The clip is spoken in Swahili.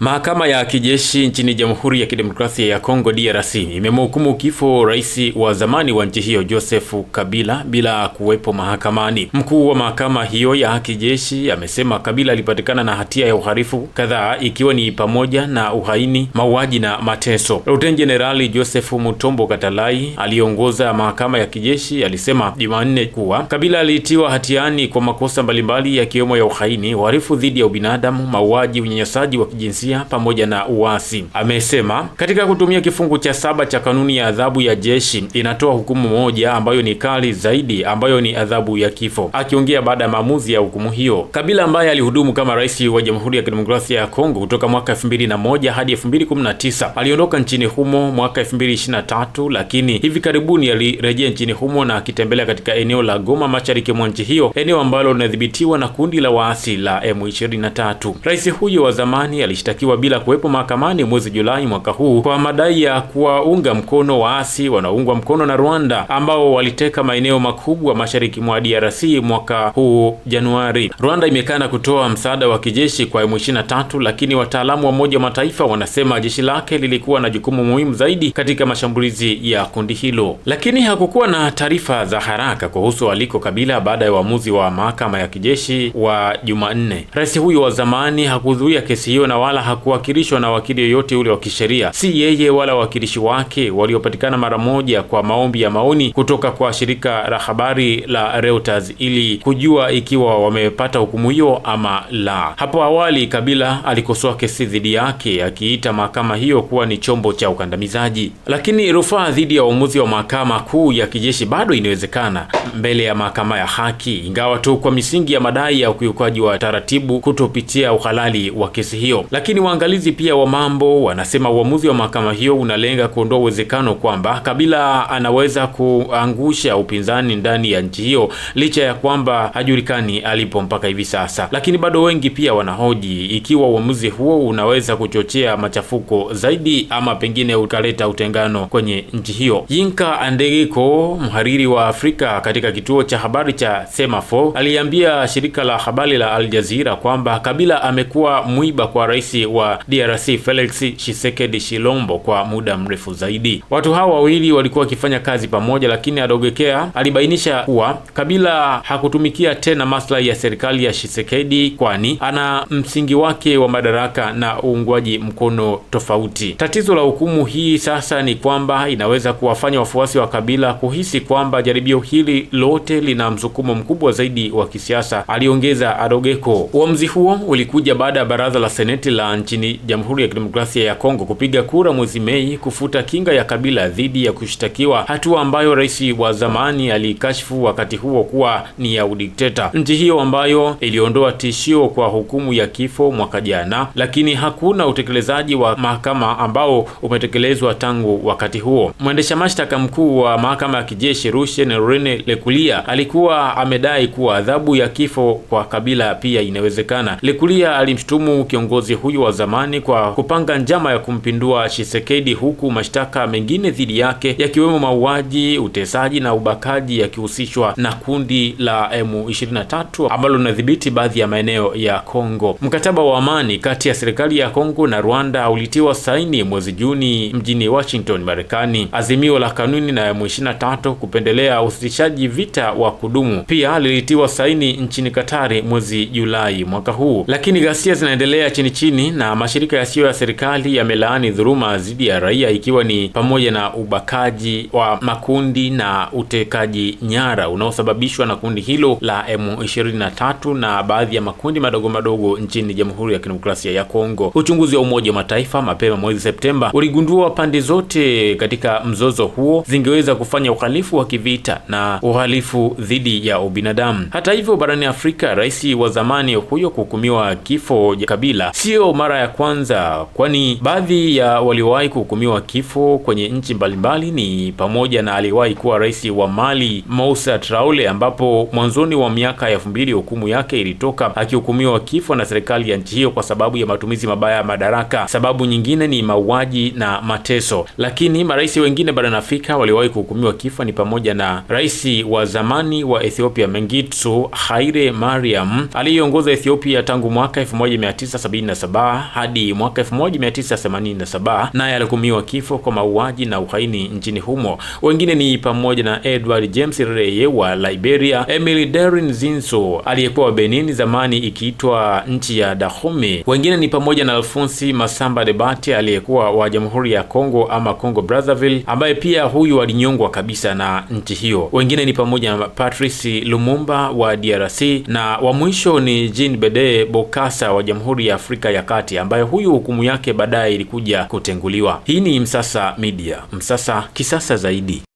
Mahakama ya kijeshi nchini Jamhuri ya Kidemokrasia ya Kongo DRC imemhukumu kifo rais wa zamani wa nchi hiyo Joseph Kabila bila kuwepo mahakamani. Mkuu wa mahakama hiyo ya kijeshi amesema Kabila alipatikana na hatia ya uhalifu kadhaa ikiwa ni pamoja na uhaini, mauaji na mateso. Luteni Jenerali Joseph Mutombo Katalai aliongoza mahakama ya kijeshi alisema Jumanne kuwa Kabila aliitiwa hatiani kwa makosa mbalimbali yakiwemo ya uhaini, uhalifu dhidi ya ubinadamu, mauaji, unyanyasaji wa kijinsia ghasia pamoja na uasi. Amesema katika kutumia kifungu cha saba cha kanuni ya adhabu ya jeshi inatoa hukumu moja ambayo ni kali zaidi, ambayo ni adhabu ya kifo. Akiongea baada ya maamuzi ya hukumu hiyo, Kabila ambaye alihudumu kama rais wa Jamhuri ya Kidemokrasia ya Kongo kutoka mwaka 2001 hadi 2019 aliondoka nchini humo mwaka 2023, lakini hivi karibuni alirejea nchini humo na akitembelea katika eneo la Goma mashariki mwa nchi hiyo, eneo ambalo linadhibitiwa na kundi la waasi la M23. Rais huyo wa zamani alishtaki alishtakiwa bila kuwepo mahakamani mwezi Julai mwaka huu kwa madai ya kuwaunga mkono waasi wanaoungwa mkono na Rwanda ambao waliteka maeneo makubwa mashariki mwa DRC mwaka huu Januari. Rwanda imekana kutoa msaada wa kijeshi kwa M23, lakini wataalamu wa Umoja wa Mataifa wanasema jeshi lake lilikuwa na jukumu muhimu zaidi katika mashambulizi ya kundi hilo, lakini hakukuwa na taarifa za haraka kuhusu aliko Kabila baada ya uamuzi wa mahakama ya kijeshi wa Jumanne. Rais huyo wa zamani hakuhudhuria kesi hiyo na wala hakuwakilishwa na wakili yoyote ule wa kisheria, si yeye wala wawakilishi wake waliopatikana mara moja kwa maombi ya maoni kutoka kwa shirika la habari la Reuters ili kujua ikiwa wamepata hukumu hiyo ama la. Hapo awali, Kabila alikosoa kesi dhidi yake akiita mahakama hiyo kuwa ni chombo cha ukandamizaji, lakini rufaa dhidi ya uamuzi wa mahakama kuu ya kijeshi bado inawezekana mbele ya mahakama ya haki, ingawa tu kwa misingi ya madai ya ukiukaji wa taratibu kutopitia uhalali wa kesi hiyo, lakini lakini waangalizi pia wa mambo wanasema uamuzi wa mahakama hiyo unalenga kuondoa uwezekano kwamba Kabila anaweza kuangusha upinzani ndani ya nchi hiyo, licha ya kwamba hajulikani alipo mpaka hivi sasa. Lakini bado wengi pia wanahoji ikiwa uamuzi huo unaweza kuchochea machafuko zaidi ama pengine ukaleta utengano kwenye nchi hiyo. Yinka Andegeko, mhariri wa Afrika katika kituo cha habari cha semafo aliambia shirika la habari la Al Jazeera kwamba Kabila amekuwa mwiba kwa rais wa DRC Felix Tshisekedi shilombo kwa muda mrefu zaidi. Watu hawa wawili walikuwa wakifanya kazi pamoja, lakini Adogekea alibainisha kuwa Kabila hakutumikia tena maslahi ya serikali ya Tshisekedi, kwani ana msingi wake wa madaraka na uungwaji mkono tofauti. Tatizo la hukumu hii sasa ni kwamba inaweza kuwafanya wafuasi wa Kabila kuhisi kwamba jaribio hili lote lina msukumo mkubwa zaidi wa kisiasa, aliongeza Adogeko. Uamuzi huo ulikuja baada ya baraza la seneti la Uh, nchini Jamhuri ya Kidemokrasia ya Kongo kupiga kura mwezi Mei kufuta kinga ya Kabila dhidi ya kushtakiwa, hatua ambayo rais wa zamani aliikashifu wakati huo kuwa ni ya udikteta. Nchi hiyo ambayo iliondoa tishio kwa hukumu ya kifo mwaka jana, lakini hakuna utekelezaji wa mahakama ambao umetekelezwa tangu wakati huo. Mwendesha mashtaka mkuu wa mahakama ya kijeshi Rushen Rene Lekulia alikuwa amedai kuwa adhabu ya kifo kwa Kabila pia inawezekana. Lekulia alimshutumu kiongozi huyo wa zamani kwa kupanga njama ya kumpindua Tshisekedi, huku mashtaka mengine dhidi yake yakiwemo mauaji, utesaji na ubakaji yakihusishwa na kundi la M23 ambalo linadhibiti baadhi ya maeneo ya Kongo. Mkataba wa amani kati ya serikali ya Kongo na Rwanda ulitiwa saini mwezi Juni mjini Washington, Marekani. Azimio la kanuni na M23 kupendelea usitishaji vita wa kudumu pia lilitiwa saini nchini Katari mwezi Julai mwaka huu, lakini ghasia zinaendelea chini chini na mashirika yasiyo ya serikali yamelaani dhuluma dhidi ya raia ikiwa ni pamoja na ubakaji wa makundi na utekaji nyara unaosababishwa na kundi hilo la M23 na baadhi ya makundi madogo madogo nchini Jamhuri ya Kidemokrasia ya Kongo. Uchunguzi wa Umoja wa Mataifa mapema mwezi Septemba uligundua pande zote katika mzozo huo zingeweza kufanya uhalifu wa kivita na uhalifu dhidi ya ubinadamu. Hata hivyo, barani Afrika, rais wa zamani huyo kuhukumiwa kifo Kabila sio mara ya kwanza, kwani baadhi ya waliowahi kuhukumiwa kifo kwenye nchi mbalimbali ni pamoja na aliyewahi kuwa rais wa Mali Moussa Traore, ambapo mwanzoni wa miaka ya elfu mbili hukumu yake ilitoka akihukumiwa kifo na serikali ya nchi hiyo kwa sababu ya matumizi mabaya ya madaraka. Sababu nyingine ni mauaji na mateso. Lakini marais wengine barani Afrika waliowahi kuhukumiwa kifo ni pamoja na rais wa zamani wa Ethiopia Mengistu Haile Mariam aliyeongoza Ethiopia tangu mwaka 1977 hadi mwaka 1987 naye alihukumiwa kifo kwa mauaji na uhaini nchini humo. Wengine ni pamoja na Edward James Reye wa Liberia, Emily darin Zinso aliyekuwa wa Benin zamani ikiitwa nchi ya Dahomey. Wengine ni pamoja na Alfonsi Masamba debati aliyekuwa wa Jamhuri ya Kongo ama Congo Brazzaville, ambaye pia huyu alinyongwa kabisa na nchi hiyo. Wengine ni pamoja na Patrice Lumumba wa DRC na wa mwisho ni Jean Bede bokasa wa Jamhuri ya Afrika ya Kati Chebukati ambaye huyu hukumu yake baadaye ilikuja kutenguliwa. Hii ni Msasa Media, Msasa kisasa zaidi.